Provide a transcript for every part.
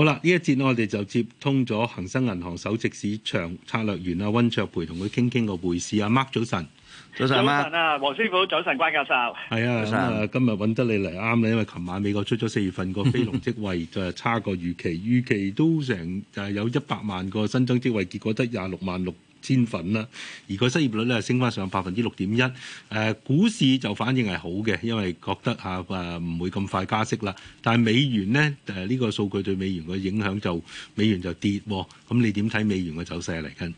好啦，呢一節我哋就接通咗恒生銀行首席市場策略員阿温灼培，同佢傾傾個匯市。阿、啊、Mark 早晨，早晨，媽早晨啊，黃師傅早晨，關教授。係啊，晨啊，今日揾得你嚟啱你，因為琴晚美國出咗四月份個非農職位，就係差過預期， 預期都成就係有一百萬個新增職位，結果得廿六萬六。千份啦，而個失業率咧升翻上百分之六點一，誒股市就反應係好嘅，因為覺得嚇誒唔會咁快加息啦。但係美元咧誒，呢個數據對美元嘅影響就美元就跌喎，咁你點睇美元嘅走勢嚟緊？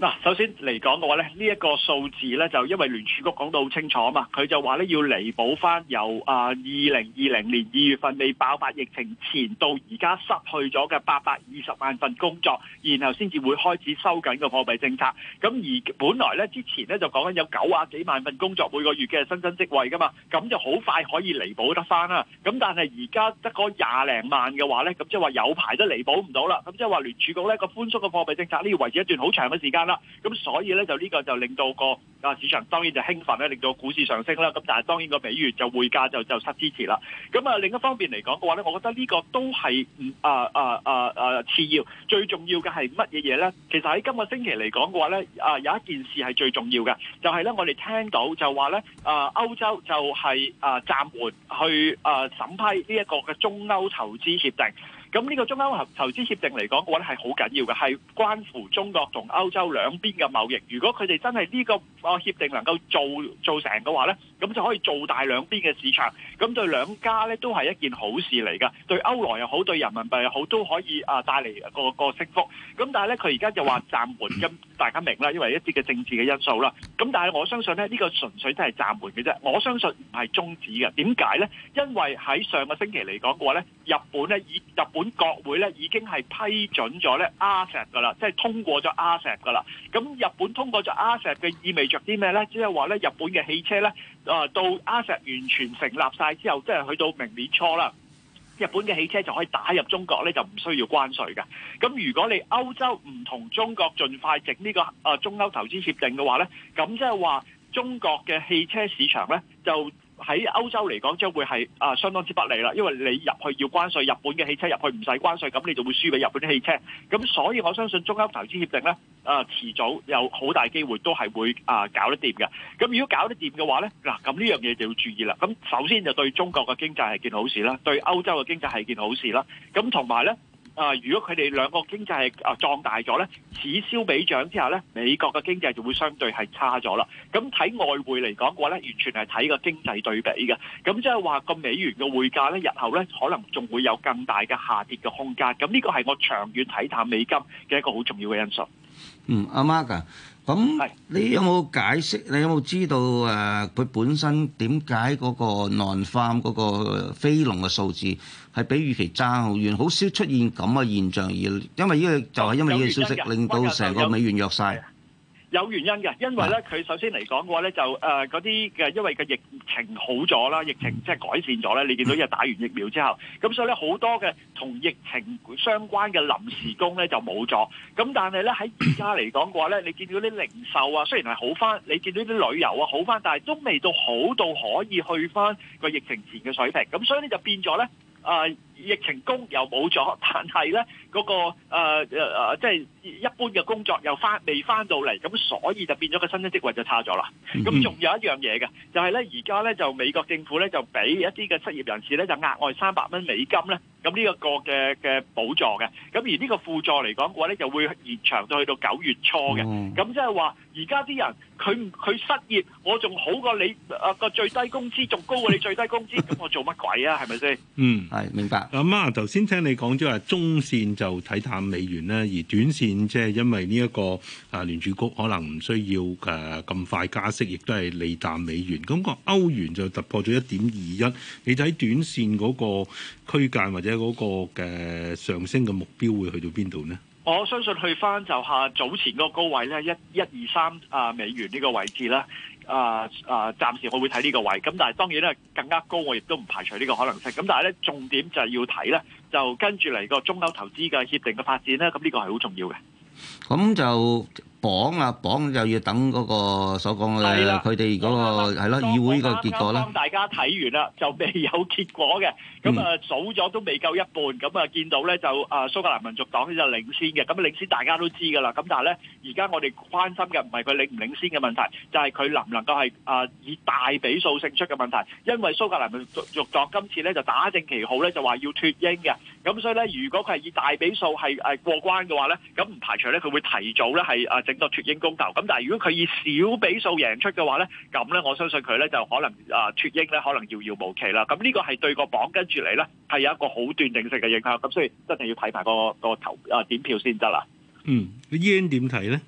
嗱，首先嚟講嘅話咧，呢、這、一個數字咧就因為聯儲局講到好清楚啊嘛，佢就話咧要彌補翻由啊二零二零年二月份未爆發疫情前到而家失去咗嘅八百二十萬份工作，然後先至會開始收緊個貨幣政策。咁而本來咧之前咧就講緊有九啊幾萬份工作每個月嘅新增職位㗎嘛，咁就好快可以彌補得翻啦。咁但係而家得個廿零萬嘅話咧，咁即係話有排都彌補唔到啦。咁即係話聯儲局咧個寬鬆嘅貨幣政策呢要維持一段好長嘅時間。啦，咁所以咧就呢個就令到個啊市場當然就興奮咧，令到股市上升啦。咁但係當然個美元就匯價就就失支持啦。咁啊另一方面嚟講嘅話咧，我覺得呢個都係唔啊啊啊啊次要，最重要嘅係乜嘢嘢咧？其實喺今個星期嚟講嘅話咧啊、呃，有一件事係最重要嘅，就係、是、咧我哋聽到就話咧啊，歐、呃、洲就係啊暫緩去啊審批呢一個嘅中歐投資協定。咁呢個中歐合投資協定嚟講，我覺得係好緊要嘅，係關乎中國同歐洲兩邊嘅貿易。如果佢哋真係呢個，我協定能夠做做成嘅話咧，咁就可以做大兩邊嘅市場，咁對兩家咧都係一件好事嚟噶，對歐羅又好，對人民幣又好，都可以啊帶嚟個個升幅。咁但係咧，佢而家就話暫緩，咁大家明啦，因為一啲嘅政治嘅因素啦。咁但係我相信咧，呢個純粹都係暫緩嘅啫，我相信唔係終止嘅。點解咧？因為喺上個星期嚟講嘅話咧，日本咧，日本國會咧已經係批准咗咧 RCEP 噶啦，即係通過咗 RCEP 噶啦。咁日本通過咗 RCEP 嘅意味。著啲咩咧？即係話咧，日本嘅汽車呢，啊，到阿石完全成立晒之後，即係去到明年初啦，日本嘅汽車就可以打入中國呢就唔需要關稅嘅。咁如果你歐洲唔同中國盡快整呢個啊中歐投資協定嘅話呢，咁即係話中國嘅汽車市場呢。就。喺歐洲嚟講，將會係啊相當之不利啦，因為你入去要關稅，日本嘅汽車入去唔使關稅，咁那你就會輸俾日本啲汽車。咁所以我相信中歐投資協定呢，啊、呃、遲早有好大機會都係會啊、呃、搞得掂嘅。咁如果搞得掂嘅話呢，嗱咁呢樣嘢就要注意啦。咁首先就對中國嘅經濟係件好事啦，對歐洲嘅經濟係件好事啦。咁同埋呢。啊！如果佢哋兩個經濟係啊壯大咗咧，此消彼長之下咧，美國嘅經濟就會相對係差咗啦。咁睇外匯嚟講嘅話咧，完全係睇個經濟對比嘅。咁即係話個美元嘅匯價咧，日後咧可能仲會有更大嘅下跌嘅空間。咁呢個係我長遠睇淡美金嘅一個好重要嘅因素。嗯，阿媽噶。媽咁你有冇解釋？你有冇知道誒？佢、啊、本身點解嗰個 non-farm 嗰個非農嘅數字係比預期爭好遠？好少出現咁嘅現象而，而因為呢個就係因為呢個消息令到成個美元弱晒。有原因嘅，因為咧佢首先嚟講嘅話咧，就誒嗰啲嘅因為個疫情好咗啦，疫情即係改善咗咧，你見到一日打完疫苗之後，咁所以咧好多嘅同疫情相關嘅臨時工咧就冇咗，咁但係咧喺而家嚟講嘅話咧，你見到啲零售啊雖然係好翻，你見到啲旅遊啊好翻，但係都未到好到可以去翻個疫情前嘅水平，咁所以咧就變咗咧誒。呃疫情工又冇咗，但係咧嗰個誒、呃呃、即係一般嘅工作又翻未翻到嚟，咁所以就變咗個薪資職位就差咗啦。咁仲、嗯、哼有一樣嘢嘅，就係咧而家咧就美國政府咧就俾一啲嘅失業人士咧就額外三百蚊美金咧，咁呢個個嘅嘅補助嘅，咁而呢個輔助嚟講嘅話咧就會延長到去到九月初嘅，咁即係話而家啲人佢佢失業，我仲好過你個、啊、最低工資仲高過你最低工資，咁 我做乜鬼啊？係咪先？嗯，係明白。阿媽頭先聽你講咗話，中線就睇淡美元咧，而短線即係因為呢、這、一個啊聯儲局可能唔需要咁、啊、快加息，亦都係利淡美元。咁、那個歐元就突破咗一點二一。你睇短線嗰個區間或者嗰個嘅上升嘅目標會去到邊度呢？我相信去翻就下早前嗰個高位咧，一一二三啊美元呢個位置啦。啊啊、呃！暫時我會睇呢個位，咁但係當然咧更加高，我亦都唔排除呢個可能性。咁但係咧，重點就係要睇咧，就跟住嚟個中歐投資嘅協定嘅發展咧，咁呢個係好重要嘅。咁就。綁啊綁，就要等嗰個所講嘅佢哋嗰個係咯，議會呢個結果咧。大家睇完啦，就未有結果嘅。咁啊，數咗都未夠一半，咁啊見到咧就啊蘇格蘭民族黨咧就領先嘅，咁啊領先大家都知㗎啦。咁但係咧，而家我哋關心嘅唔係佢領唔領先嘅問題，就係佢能唔能夠係啊以大比數勝出嘅問題。因為蘇格蘭民族黨今次咧就打正旗號咧，就話要脱英嘅。咁所以咧，如果佢係以大比數係誒過關嘅話咧，咁唔排除咧佢會提早咧係啊。整多脱英攻球，咁但係如果佢以小比數贏出嘅話咧，咁咧我相信佢咧就可能啊脱英咧可能遙遙無期啦。咁呢個係對個榜跟住嚟咧，係有一個好斷定性嘅影響。咁所以真係要睇埋個個投點票先得啦。嗯，點睇咧？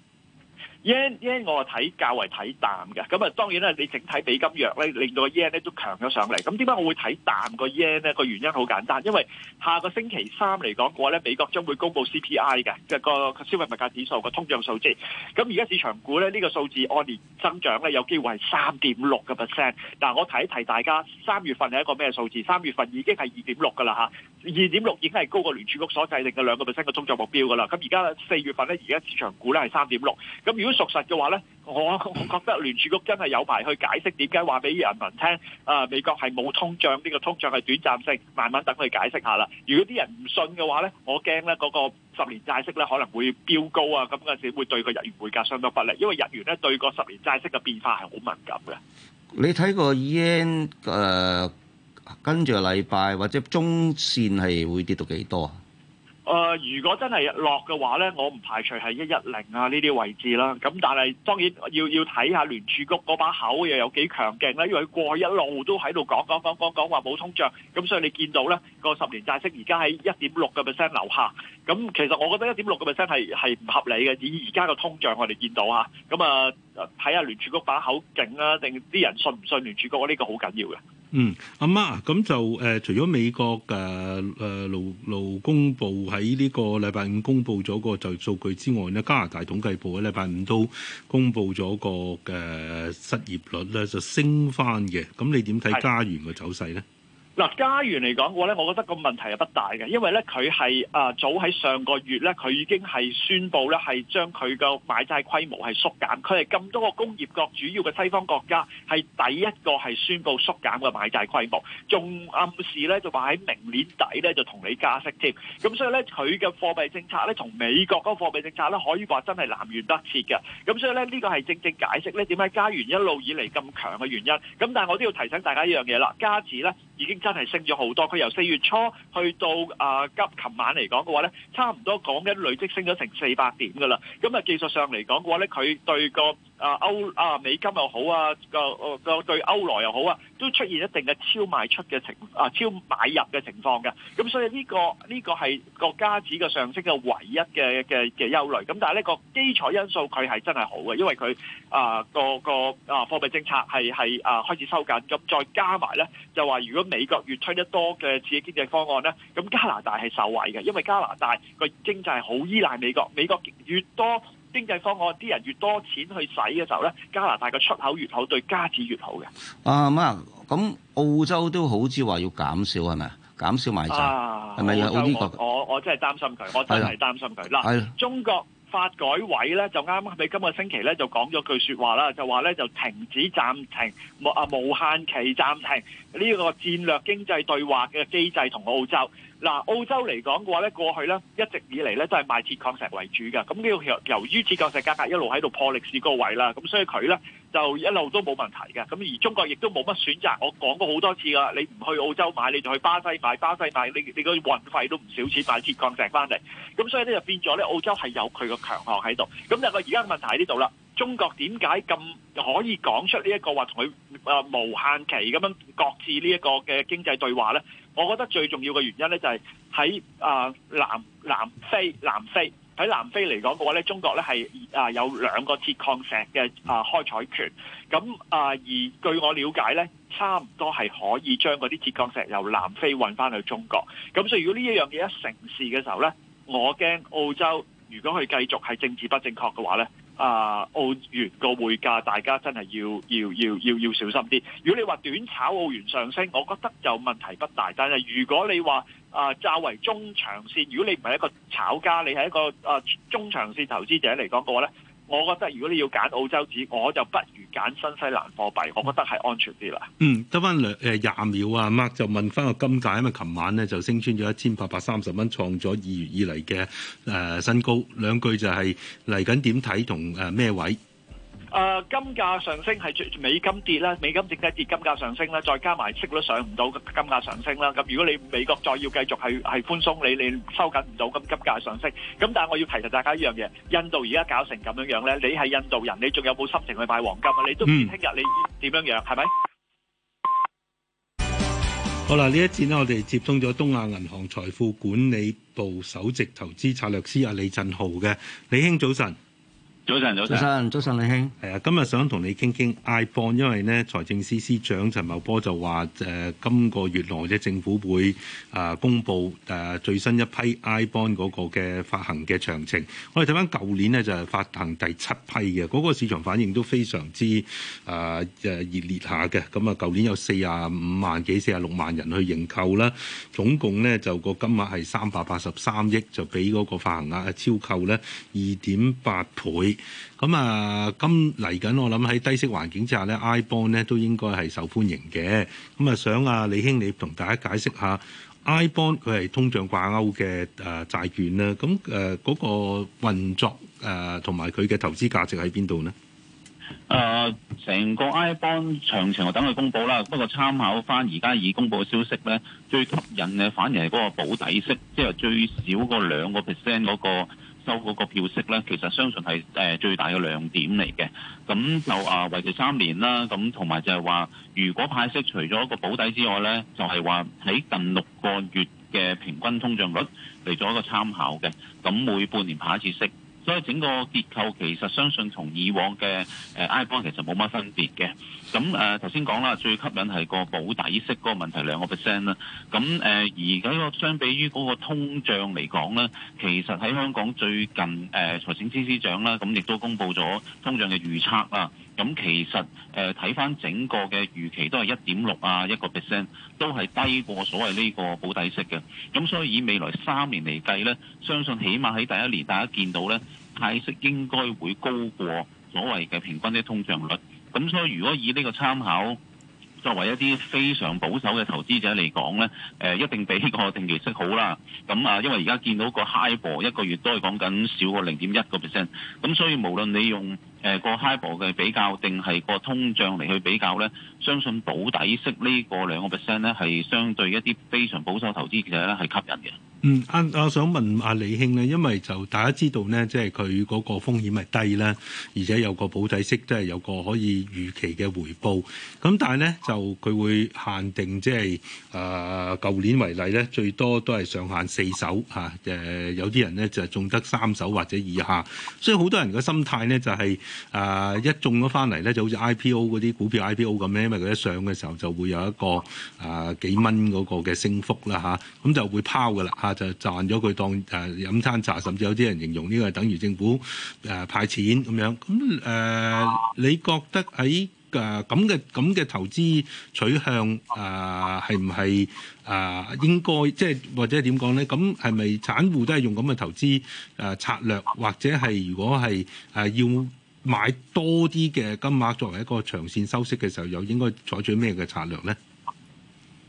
yen 我睇較為睇淡嘅，咁啊當然啦，你整體比金弱咧，令到個 yen 咧都強咗上嚟。咁點解我會睇淡個 yen 呢？個原因好簡單，因為下個星期三嚟講嘅話咧，美國將會公布 CPI 嘅即係個消費物價指數個通脹數字。咁而家市場股咧呢、呢個數字按年增長咧，有機會係三點六個 percent。嗱，我提一提大家，三月份係一個咩數字？三月份已經係二點六嘅啦嚇，二點六已經係高過聯儲局所制定嘅兩個 percent 嘅通脹目標嘅啦。咁而家四月份咧，而家市場股咧係三點六。咁如果屬實嘅話呢，我我覺得聯儲局真係有排去解釋點解話俾人民聽啊，美國係冇通脹，呢、這個通脹係短暫性，慢慢等佢解釋下啦。如果啲人唔信嘅話呢，我驚呢嗰個十年債息咧可能會飆高啊，咁陣時會對個日元匯價相當不利，因為日元咧對個十年債息嘅變化係好敏感嘅。你睇、呃、個 yen 誒，跟住個禮拜或者中線係會跌到幾多？啊？誒、呃，如果真係落嘅話咧，我唔排除係一一零啊呢啲位置啦。咁但係當然要要睇下聯儲局嗰把口又有幾強勁啦，因為佢過去一路都喺度講講講講講話冇通脹，咁所以你見到咧個十年債息而家喺一點六個 percent 樓下。咁其實我覺得一點六個 percent 係係唔合理嘅，以而家個通脹我哋見到啊。咁啊，睇下聯儲局把口勁啊，定啲人信唔信聯儲局呢、這個好緊要嘅。嗯，阿媽咁就，誒、呃，除咗美國嘅誒勞勞工部喺呢個禮拜五公佈咗個就業數據之外咧，加拿大統計部喺禮拜五都公佈咗個誒失業率咧就升翻嘅，咁你點睇加元嘅走勢咧？嗱，加元嚟講嘅話咧，我覺得個問題係不大嘅，因為咧佢係啊早喺上個月咧，佢已經係宣布咧，係將佢嘅買債規模係縮減。佢係咁多個工業國主要嘅西方國家，係第一個係宣布縮減嘅買債規模，仲暗示咧就話喺明年底咧就同你加息添。咁所以咧佢嘅貨幣政策咧，同美國嗰個貨幣政策咧，可以話真係南轅北轍嘅。咁所以咧呢個係正正解釋咧點解加元一路以嚟咁強嘅原因。咁但係我都要提醒大家一樣嘢啦，加持咧已經真係 升咗好多，佢由四月初去到啊，急琴晚嚟講嘅話咧，差唔多講緊累積升咗成四百點噶啦。咁啊，技術上嚟講嘅話咧，佢對個啊歐啊美金又好啊個個對歐羅又好啊，都出現一定嘅超賣出嘅情啊超買入嘅情況嘅。咁所以呢、這個呢、這個係個加指嘅上升嘅唯一嘅嘅嘅憂慮。咁但係呢，那那個基礎因素佢係真係好嘅，因為佢啊個個啊貨幣、啊、政策係係啊開始收緊。咁再加埋咧，就話如果美國越推得多嘅刺激經濟方案咧，咁加拿大係受惠嘅，因為加拿大個經濟係好依賴美國。美國越多經濟方案，啲人越多錢去使嘅時候咧，加拿大個出口越好，對加紙越好嘅。啊媽，咁澳洲都好似話要減少係咪？減少買債係咪啊？係咪澳洲，澳洲我、呢個、我真係擔心佢，我真係擔心佢。嗱，中國。發改委咧就啱啱喺今個星期咧就講咗句說話啦，就話咧就停止暫停無啊無限期暫停呢個戰略經濟對話嘅機制同澳洲。嗱，澳洲嚟講嘅話咧，過去咧一直以嚟咧都係賣鐵礦石為主嘅，咁呢個由由於鐵礦石價格一路喺度破歷史高位啦，咁所以佢咧就一路都冇問題嘅，咁而中國亦都冇乜選擇。我講過好多次噶，你唔去澳洲買，你就去巴西買，巴西買你你個運費都唔少錢，買鐵礦石翻嚟，咁所以咧就變咗咧澳洲係有佢個強項喺度，咁但係而家問題喺呢度啦。中國點解咁可以講出呢、這、一個話同佢啊無限期咁樣擱置呢一個嘅經濟對話呢？我覺得最重要嘅原因呢，就係喺啊南南非南非喺南非嚟講嘅話咧，中國咧係啊有兩個鐵礦石嘅啊開採權，咁啊而據我了解呢，差唔多係可以將嗰啲鐵礦石由南非運翻去中國。咁所以如果呢一樣嘢一成事嘅時候呢，我驚澳洲如果佢繼續係政治不正確嘅話呢。啊，澳元個匯價，大家真係要要要要要小心啲。如果你話短炒澳元上升，我覺得就問題不大。但係如果你話啊，較為中長線，如果你唔係一個炒家，你係一個啊中長線投資者嚟講嘅話咧。我覺得如果你要揀澳洲紙，我就不如揀新西蘭貨幣，我覺得係安全啲啦。嗯，得返兩誒廿秒啊，Mark 就問返個金價啊嘛，琴晚咧就升穿咗一千八百三十蚊，創咗二月以嚟嘅誒新高。兩句就係嚟緊點睇同誒咩位？誒金價上升係美金跌啦，美金正在跌金，金價上升啦，再加埋息率上唔到，金價上升啦。咁如果你美國再要繼續係係寬鬆你，你你收緊唔到金，金價上升。咁但係我要提醒大家一樣嘢，印度而家搞成咁樣樣咧，你係印度人，你仲有冇心情去買黃金啊？你都唔知聽日你點樣樣係咪？嗯、吧好啦，呢一節呢，我哋接通咗東亞銀行財富管理部首席投資策略師阿李振豪嘅，李兄早晨。早晨，早晨，早晨，李兄。誒，今日想同你傾傾 I bond，因為呢財政司司長陳茂波就話，誒、呃，今個月內嘅政府會誒公布誒最新一批 I bond 嗰個嘅發行嘅詳情。我哋睇翻舊年呢，就係發行第七批嘅，嗰、嗰個市場反應都非常之誒熱烈下嘅。咁啊，舊年有四啊五萬幾，四啊六萬人去認購啦，總共呢就個金額係三百八十三億，就比嗰個發行額超購呢二點八倍。咁啊，今嚟緊我諗，喺低息環境之下咧，iBond 咧都應該係受歡迎嘅。咁啊，想啊李兄你同大家解釋下，iBond 佢係通脹掛鈎嘅誒債券啦。咁誒嗰個運作誒同埋佢嘅投資價值喺邊度呢？誒、呃，成個 iBond 詳情，我等佢公布啦。不過參考翻而家已公布嘅消息咧，最吸引嘅反而係嗰個保底息，即係最少嗰兩個 percent 嗰個。收嗰個票息咧，其實相信係、呃、最大嘅亮點嚟嘅。咁就啊，為期三年啦。咁同埋就係話，如果派息除咗個保底之外咧，就係話喺近六個月嘅平均通脹率嚟做一個參考嘅。咁每半年派一次息。所以整個結構其實相信同以往嘅誒 iBond 其實冇乜分別嘅，咁誒頭先講啦，最吸引係個保底息嗰個問題兩個 percent 啦，咁、呃、而家個相比於嗰個通脹嚟講咧，其實喺香港最近誒、呃、財政司司長啦，咁、嗯、亦都公布咗通脹嘅預測啦。咁其實誒睇返整個嘅預期都係一點六啊一個 percent，都係低過所謂呢個保底息嘅。咁所以以未來三年嚟計呢，相信起碼喺第一年大家見到呢，派息應該會高過所謂嘅平均啲通脹率。咁所以如果以呢個參考。作為一啲非常保守嘅投資者嚟講呢，誒一定比一個定期息好啦。咁啊，因為而家見到個 HIBOR 一個月都係講緊少過零點一個 percent。咁所以無論你用誒個 HIBOR 嘅比較定係個通脹嚟去比較呢，相信保底息呢個兩個 percent 呢係相對一啲非常保守投資者呢係吸引嘅。嗯，啊，我想問阿李兄咧，因為就大家知道咧，即係佢嗰個風險係低啦，而且有個保底息，即係有個可以預期嘅回報。咁但係咧，就佢會限定、就是，即係誒舊年為例咧，最多都係上限四手、啊、有啲人咧就係中得三手或者以下，所以好多人嘅心態咧就係、是、誒、啊、一中咗翻嚟咧，就好似 IPO 嗰啲股票 IPO 咁咧，因為佢一上嘅時候就會有一個誒、啊、幾蚊嗰個嘅升幅啦咁、啊、就會拋㗎啦就賺咗佢當飲餐茶，甚至有啲人形容呢個等於政府派錢咁樣。咁、呃、你覺得喺誒咁嘅咁嘅投資取向係唔係誒應該，即、就、係、係、或者點講咧？咁係咪散戶都係用咁嘅投資、呃、策略，或者係如果係、呃、要買多啲嘅金額作為一個長線收息嘅時候，又應該採取咩嘅策略咧？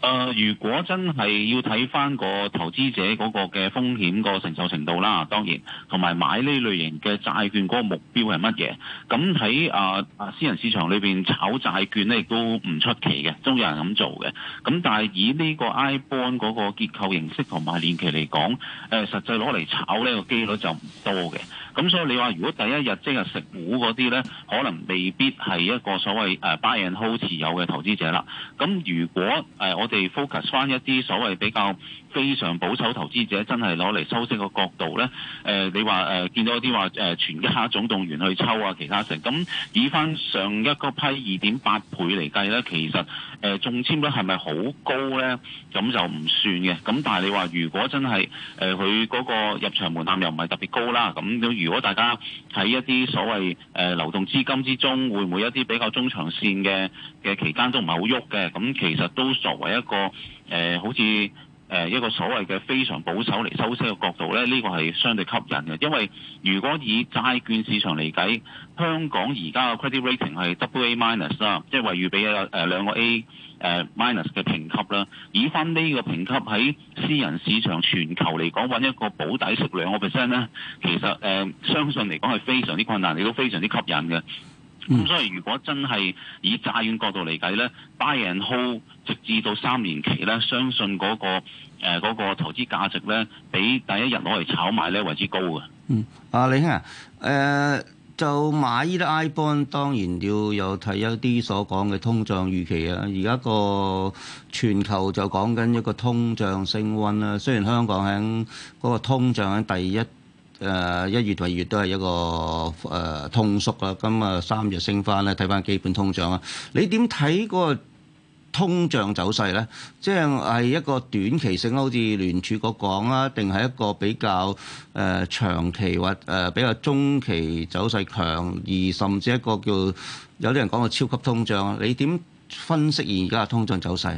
誒、呃，如果真係要睇翻個投資者嗰個嘅風險個承受程度啦，當然同埋買呢類型嘅債券嗰個目標係乜嘢，咁喺啊啊私人市場裏面炒債券呢，亦都唔出奇嘅，中有人咁做嘅。咁但係以呢個 iBond 嗰個結構形式同埋年期嚟講，誒、呃、實際攞嚟炒呢個機率就唔多嘅。咁所以你話如果第一日即係食股嗰啲呢，可能未必係一個所謂誒、呃、buy and hold 持有嘅投資者啦。咁如果誒、呃、我哋 focus 翻一啲所謂比較，非常保守投資者真係攞嚟收息個角度呢。誒、呃、你話誒、呃、見到啲話誒全家總動員去抽啊，其他成咁以翻上一個批二點八倍嚟計呢，其實誒、呃、中簽率係咪好高呢？咁就唔算嘅。咁但係你話如果真係誒佢嗰個入場門檻又唔係特別高啦，咁如果大家喺一啲所謂誒、呃、流動資金之中，會唔會一啲比較中長線嘅嘅期間都唔係好喐嘅？咁其實都作為一個誒、呃、好似。誒一個所謂嘅非常保守嚟收息嘅角度咧，呢、呢個係相對吸引嘅，因為如果以債券市場嚟計，香港而家嘅 credit rating 係 double A minus 啦，即係話預備誒兩個 A 誒 minus 嘅評級啦。以翻呢個評級喺私人市場全球嚟講揾一個保底息兩個 percent 咧，其實誒、呃、相信嚟講係非常之困難，亦都非常之吸引嘅。咁所以如果真係以債券角度嚟計咧，buy and hold 直至到三年期咧，相信嗰、嗰個呃那個投資價值咧，比第一日攞嚟炒賣咧為之高嘅。嗯，啊李兄啊，呃、就買呢啲 iBond，當然要有睇一啲所講嘅通脹預期啊。而家個全球就講緊一個通脹升溫啦、啊。雖然香港喺嗰個通脹喺第一。誒、呃、一月同二月都係一個誒、呃、通縮啦，咁啊三月升翻咧，睇翻基本通脹啊！你點睇個通脹走勢咧？即係係一個短期性，好似聯儲局講啦，定係一個比較誒、呃、長期或誒、呃、比較中期走勢強，而甚至一個叫有啲人講個超級通脹啊！你點分析而家嘅通脹走勢？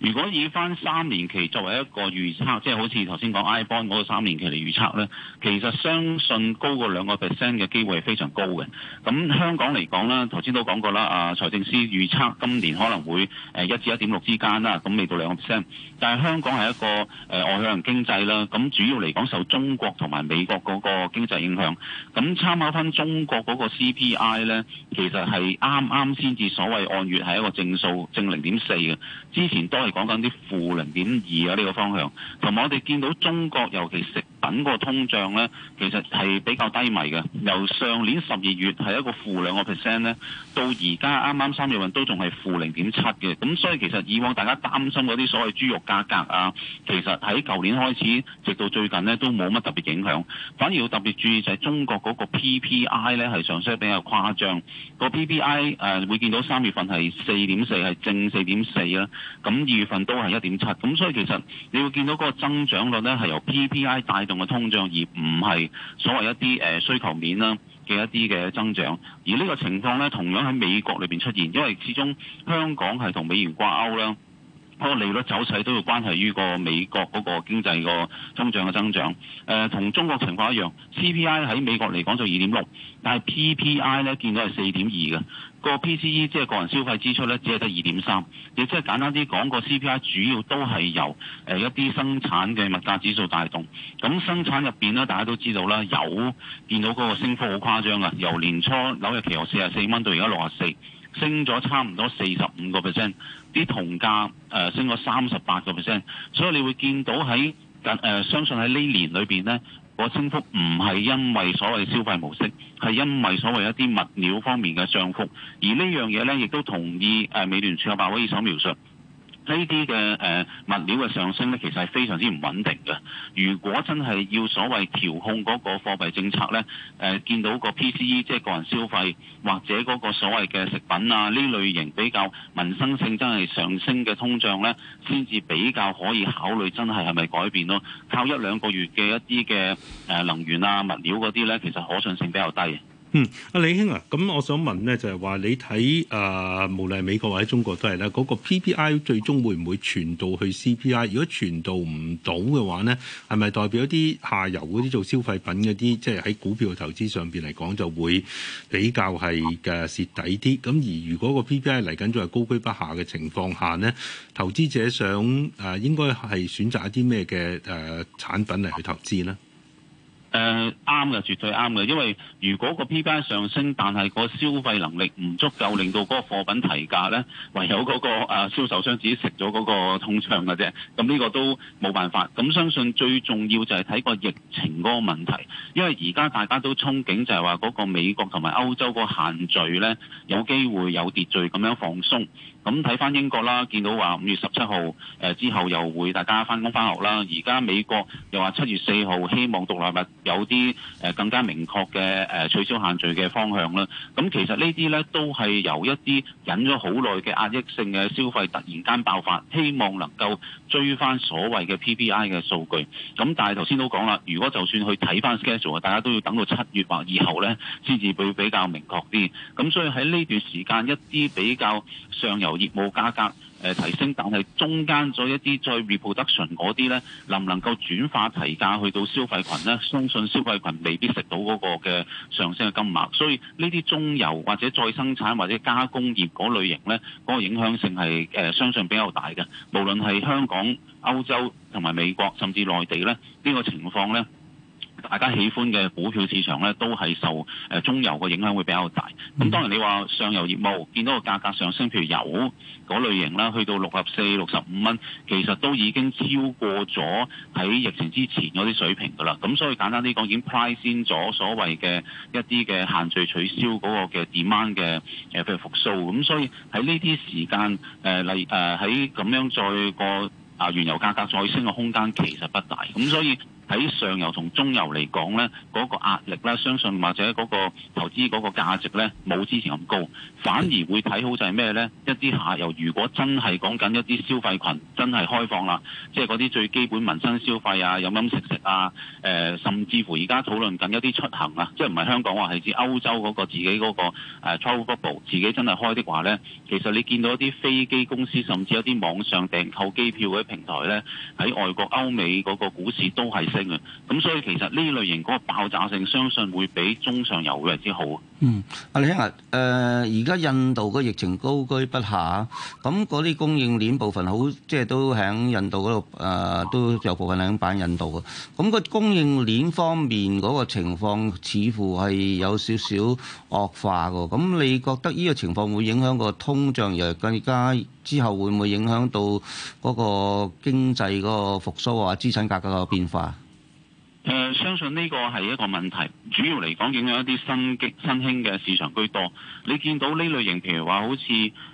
如果以翻三年期作為一個預測，即、就、係、是、好似頭先講 iBond 嗰個三年期嚟預測呢，其實相信高過兩個 percent 嘅機會係非常高嘅。咁香港嚟講咧，頭先都講過啦，啊財政司預測今年可能會誒一至一點六之間啦，咁未到兩個 percent。但係香港係一個誒、呃、外向經濟啦，咁主要嚟講受中國同埋美國嗰個經濟影響。咁參考翻中國嗰個 CPI 呢，其實係啱啱先至所謂按月係一個正數，正零點四嘅。之前多。講緊啲負零點二啊，呢個方向同埋我哋見到中國，尤其食等個通脹咧，其實係比較低迷嘅。由上年十二月係一個負兩個 percent 咧，到而家啱啱三月份都仲係負零點七嘅。咁所以其實以往大家擔心嗰啲所謂豬肉價格啊，其實喺舊年開始直到最近咧都冇乜特別影響。反而要特別注意就係中國嗰個 PPI 咧係上升比較誇張。個 PPI 誒、呃、會見到三月份係四點四係正四點四啦。咁二月份都係一點七。咁所以其實你會見到嗰個增長率咧係由 PPI 帶。用嘅通脹，而唔係所謂一啲誒需求面啦嘅一啲嘅增長。而呢個情況咧，同樣喺美國裏邊出現，因為始終香港係同美元掛鈎啦。嗰個利率走勢都要關係於個美國嗰個經濟個通脹嘅增長、呃。誒，同中國情況一樣，CPI 喺美國嚟講就二點六，但係 PPI 呢，見到係四點二嘅。個 PCE 即係個人消費支出呢，只係得二點三。亦即係簡單啲講，個 CPI 主要都係由誒一啲生產嘅物價指數帶動。咁生產入邊呢，大家都知道啦，有見到嗰個升幅好誇張啊，由年初紐約期油四十四蚊到而家六十四。升咗差唔多四十五個 percent，啲銅價、呃、升咗三十八個 percent，所以你會見到喺、呃、相信喺呢年裏面呢、呢個升幅唔係因為所謂消費模式，係因為所謂一啲物料方面嘅漲幅，而呢樣嘢呢，亦都同意美聯儲鮑威爾所描述。呢啲嘅誒物料嘅上升咧，其實係非常之唔穩定嘅。如果真係要所謂調控嗰個貨幣政策咧，誒、呃、見到個 PCE 即係個人消費或者嗰個所謂嘅食品啊呢類型比較民生性真係上升嘅通脹咧，先至比較可以考慮真係係咪改變咯。靠一兩個月嘅一啲嘅誒能源啊物料嗰啲咧，其實可信性比較低。嗯，阿李兄啊，咁我想問咧，就係、是、話你睇誒、呃，無論係美國或者中國都係啦，嗰、那個 PPI 最終會唔會傳導去 CPI？如果傳導唔到嘅話咧，係咪代表一啲下游嗰啲做消費品嗰啲，即係喺股票嘅投資上面嚟講，就會比較係嘅、啊、蝕底啲？咁而如果個 PPI 嚟緊仲係高居不下嘅情況下咧，投資者想誒、啊，應該係選擇一啲咩嘅誒產品嚟去投資咧？誒啱嘅，絕對啱嘅，因為如果個 PPI 上升，但係個消費能力唔足夠，令到嗰個貨品提價呢，唯有嗰、嗰個誒銷、呃、售商自己食咗嗰個通脹嘅啫。咁呢個都冇辦法。咁相信最重要就係睇個疫情嗰個問題，因為而家大家都憧憬就係話嗰個美國同埋歐洲個限聚呢，有機會有秩序咁樣放鬆。咁睇返英國啦，見到話五月十七號誒、呃、之後又會大家返工返學啦。而家美國又話七月四號希望獨立。物。有啲誒更加明確嘅誒取消限聚嘅方向啦，咁其實呢啲呢都係由一啲忍咗好耐嘅壓抑性嘅消費突然間爆發，希望能夠追翻所謂嘅 PPI 嘅數據。咁但係頭先都講啦，如果就算去睇翻 schedule，大家都要等到七月或以後呢先至會比較明確啲。咁所以喺呢段時間一啲比較上游業務價格。誒提升，但係中間咗一啲再 reproduction 嗰啲呢能唔能夠轉化提價去到消費群呢？相信消費群未必食到嗰個嘅上升嘅金額，所以呢啲中油或者再生產或者加工業嗰類型呢嗰、嗰個影響性係誒、呃、相信比較大嘅。無論係香港、歐洲同埋美國，甚至內地呢，呢、呢個情況呢。大家喜歡嘅股票市場咧，都係受誒中油嘅影響會比較大。咁當然你話上游業務見到個價格上升，譬如油嗰類型啦，去到六十四、六十五蚊，其實都已經超過咗喺疫情之前嗰啲水平㗎啦。咁所以簡單啲講，已經 price in 咗所謂嘅一啲嘅限聚取消嗰個嘅 demand 嘅誒，譬如復甦。咁所以喺呢啲時間誒，例誒喺咁樣再個啊原油價格再升嘅空間其實不大。咁所以喺上游同中游嚟講咧，嗰、嗰個壓力啦，相信或者嗰個投資嗰個價值咧冇之前咁高，反而會睇好就係咩咧？一啲下游如果真係講緊一啲消費群真係開放啦，即係嗰啲最基本民生消費啊、飲飲食食啊、誒、呃、甚至乎而家討論緊一啲出行啊，即係唔係香港話，係指歐洲嗰個自己嗰、嗰個、啊、travel bubble，自己真係開的話咧，其實你見到一啲飛機公司，甚至一啲網上訂購機票嗰啲平台咧，喺外國歐美嗰個股市都係。咁所以其實呢類型嗰個爆炸性，相信會比中上游嘅之好。嗯，阿李生啊，誒而家印度個疫情高居不下，咁嗰啲供應鏈部分好，即係都喺印度嗰度誒，都有部分喺反印度嘅。咁個供應鏈方面嗰個情況似乎係有少少惡化嘅。咁你覺得呢個情況會影響個通脹，又更加之後會唔會影響到嗰個經濟嗰個復甦啊，資產價格嘅變化？誒、呃，相信呢個係一個問題，主要嚟講影響一啲新激新興嘅市場居多。你見到呢類型，譬如話好似。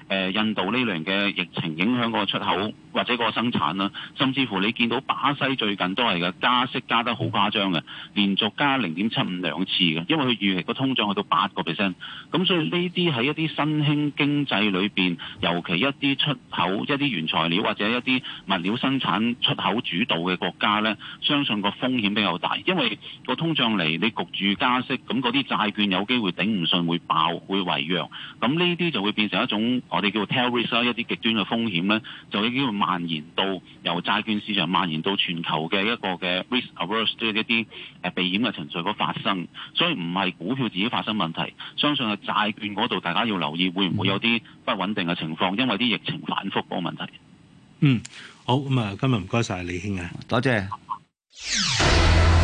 誒印度呢輪嘅疫情影響個出口或者個生產啦、啊，甚至乎你見到巴西最近都係嘅加息加得好誇張嘅，連續加零點七五兩次嘅，因為佢預期個通脹去到八個 percent，咁所以呢啲喺一啲新興經濟裏面，尤其一啲出口一啲原材料或者一啲物料生產出口主導嘅國家呢，相信個風險比較大，因為個通脹嚟你焗住加息，咁嗰啲債券有機會頂唔順會爆會違約，咁呢啲就會變成一種。我哋叫 tail risk 一啲極端嘅風險咧，就已經會蔓延到由債券市場蔓延到全球嘅一個嘅 risk averse 即係一啲誒避險嘅程序。嗰發生，所以唔係股票自己發生問題，相信係債券嗰度大家要留意會唔會有啲不穩定嘅情況，因為啲疫情反覆個問題。嗯，好咁啊，今日唔該晒李兄啊，多謝。